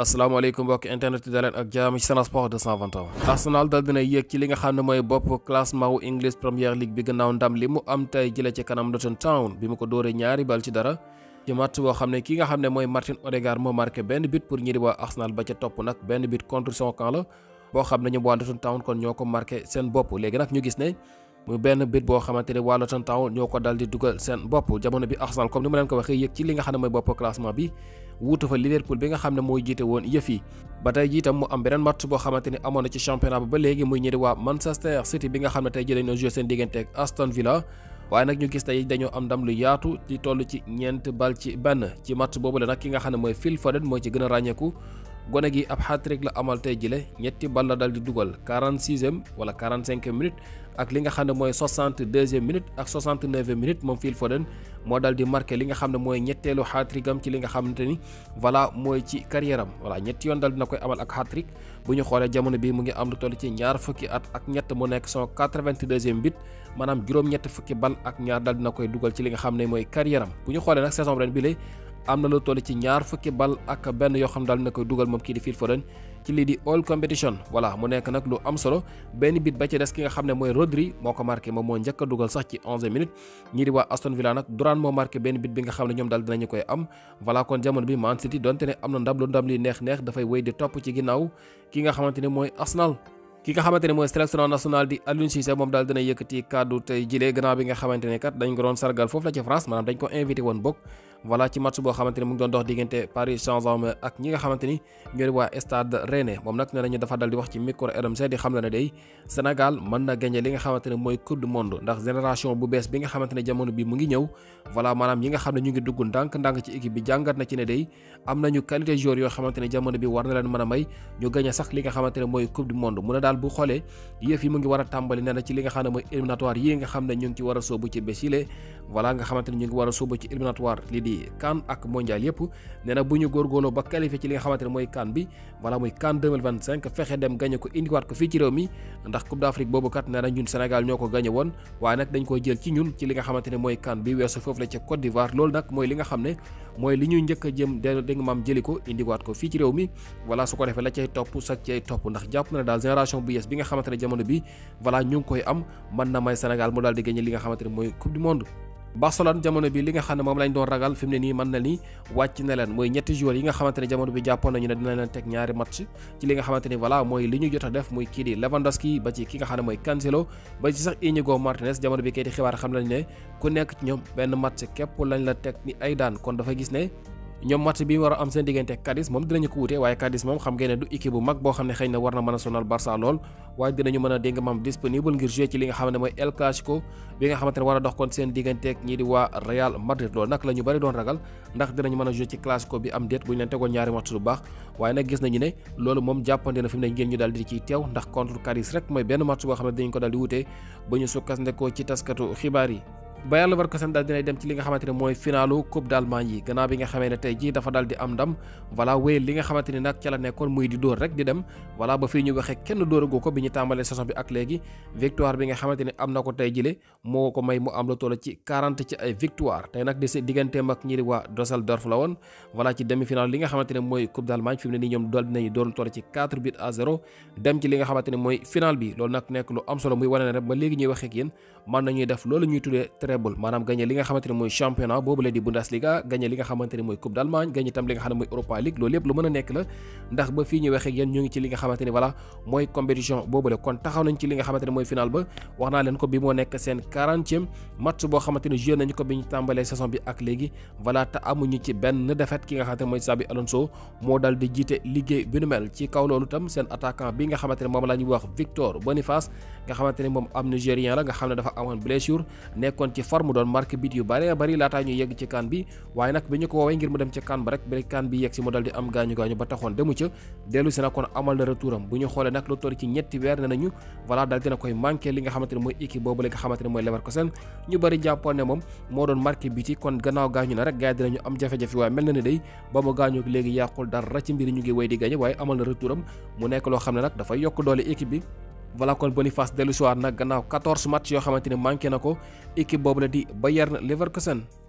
asalaamaaleykum mbokk internet yi daleen ak jaam ci ci li nga xam ne mooy bopp classement wu English Premier League bi gannaaw ndam li mu am tey jële ci kanam Luton Town bi mu ko dóoree ñaari bal ci dara ci match boo xam ne ki nga xam ne mooy Martin Odegaard moo marqué benn but pour ñi waa Arsenal ba ca topp nag benn but contre son la boo xam ne ñoom waa Luton kon ñoo ko marqué seen bopp léegi nag ñu gis ne muy benn bit boo xamante ne waa Luton Town ñoo ko dal di dugal seen bopp jamono bi Arsenal comme ni ma leen ko waxee yëg ci li nga xam ne mooy bopp classement bi wuutu fa Liverpool bi nga xam ne mooy jiite woon yëf yi ba tey jiitam mu am beneen match boo xamante ni amoon na ci championnat ba ba léegi muy ñëri waa Manchester City bi nga xam ne tey ji dañoo joué seen diggante Aston Villa waaye nag ñu gis tey dañoo am ndam lu yaatu di toll ci ñeent bal ci benn ci match boobu la nag ki nga xam ne mooy Phil Foden mooy ci gën a gone gi ab hat la amal tey jile ñetti bal la dal di dugal 46e wala 45e minute ak li nga xam ne mooy 62e minute ak 69e minute moom Phil Foden moo dal di marqué li nga xam ne mooy ñetteelu hat-trick am ci li nga xamante ni voilà mooy ci carrière am voilà ñetti yoon dal dina koy amal ak hat-trick ñu xoolee jamono bi mu ngi am lu toll ci ñaar fukki at ak ñett mu nekk son 82e bit maanaam juróom-ñett fukki bal ak ñaar dal dina koy dugal ci li nga xam ne mooy carrière am bu ñu xoolee nag saison ren bi am na lu toll ci ñaar fukki bal ak benn yoo xam daal na koy dugal moom kii di Phil Foden ci lii di all competition voilà mu nekk nag lu am solo benn bit ba ci des ki nga xam ne mooy Rodri moo ko marqué moom moo njëkk a dugal sax ci 11 minutes ñii di waa Aston Villa nag Durant moo marqué benn bit bi nga xam ne ñoom daal dinañu koy am voilà kon jamono bi Man City donte ne am na ndam lu ndam li neex neex dafay wéy di topp ci ginnaaw ki nga xamante ne mooy Arsenal ki nga xamante mooy sélection nationale di Aliou moom daal dina yëkkati kàddu tey jilee gannaaw bi nga xamante kat dañ ko doon sargal foofu la ci France maanaam dañ ko invité woon bokk voilà ci match boo xamante ni doon dox diggante Paris saint ak ñi nga xamante ni ñoo di waa Stade Rennais moom nag nee nañu dafa dal di wax ci micro RMC di xam la ne day Sénégal mën na gagné li nga xamante mooy coupe du monde ndax génération bu bees bi nga xam ne ñu ngi dugg ndànk ndànk ci daal bu xoolee yëf mu ngi war a tàmbali nee ci li nga xam ne mooy éliminatoire bi weesu foofu la ca Côte d'Ivoire loolu nag mooy li nga xam ne mooy li ñuy njëkk jëm dégg maam jëli ko indiwaat ko fii ci réew mi voilà su ko defee la cay topp sax cay topp ndax jàpp ne daal génération bu yees bi nga xamante ne jamono bi voilà ñu ngi koy am mën na may Sénégal mu daal di gagné li nga xamante ne mooy coupe du monde Barcelone jamono bi li nga xam ni wàcc na leen mooy ñetti joueurs yi nga xamante ne jamono bi jàppoon nañu ne dina leen teg ñaari match ci li nga xamante ni voilà mooy li ñu jot a def muy kii di Lewandowski ba ci ki nga xam ne mooy Cancelo ba ci sax Íñigo Martínez jamono bi kay di xibaar xam nañ ne ku nekk ci ñoom benn teg ni kon dafa gis ne ñoom match bi war a am seen diggante Cadiz moom dinañu ko wute waaye Cadiz moom xam ngeen ne du équipe bu mag boo xam ne xëy na war na mën a sonal Barça lool waaye dinañu mën a dégg maam disponible ngir jouer ci li nga xam ne mooy El Clasico bi nga xamante ne war a dox kon seen digganteeg ñii di waa Real Madrid loolu nag la ñu doon ragal ndax dinañu mën a jouer ci Clasico bi am déet bu ñu leen tegoon ñaari match lu baax waaye nag gis nañu ne loolu moom jàppandi na fi mu ne di ciy teew ndax contre Cadiz rek mooy benn match boo xam ne dañu ko daal di wute ba yi Bayer Leverkusen daal dinay dem ci li nga ba fii ñu ko bi ñu na ko tey jile moo ko may mu am lu toll ci 40 di si dem ci li nga xamante mooy final bi loolu nag nekk lu am solo muy wane ne rek ba léegi ñuy waxee ak yéen mën nañuy def loolu ñuy tuddee Red Bull manam gagné li nga xamanteni moy championnat bobu la di Bundesliga gagné li nga xamanteni moy Coupe d'Allemagne gagné tam li nga xamanteni moy Europa League lolé yëpp lu mëna nek la ndax ba fi ñu waxee ak yeen ñu ngi ci li nga xamanteni voilà moy compétition bobu la kon taxaw nañ ci li nga xamanteni ne final ba waxna leen ko bi nek sen 40e match bo xamanteni ne nañ ko bi ñu saison bi ak légui voilà te amuñu ci ben défaite ki nga xamanteni moy Xabi Alonso mo dal di jité ligue bi ñu mel ci kaw lolu tam sen attaquant bi nga xamanteni mom lañu wax Victor Boniface nga xamanteni mom am nigérien la nga xam dafa amone blessure nekkon ci ci forme doon marque bit yu bare bari laataa ñu yegg ci kan bi waaye nag bi ñu ko woowee ngir mu dem ci kan ba rek bi kan bi yegg si mu dal am gaañu gaañu ba taxoon demu ca dellu na kon amal na retouram bu ñu xoolee nag lu toll ci ñetti weer ne nañu voilà koy manqué li nga xamante ne mooy équipe boobu li nga xamante ne mooy Leverkusen ñu bari jàppoon ne kon gannaaw gaañu na rek gars yi dinañu am jafe-jafe waaye mel na ni day ba mu gaañu léegi yàqul dara ci mbir ñu ngi way di gaañe waaye amal na retouram mu nekk loo xam ne nag dafay yokk doole équipe bi voilà kon Boniface dellu si waat nag gannaaw 14 match yoo xamante ne manqué na ko équipe boobu la di Bayer Leverkusen.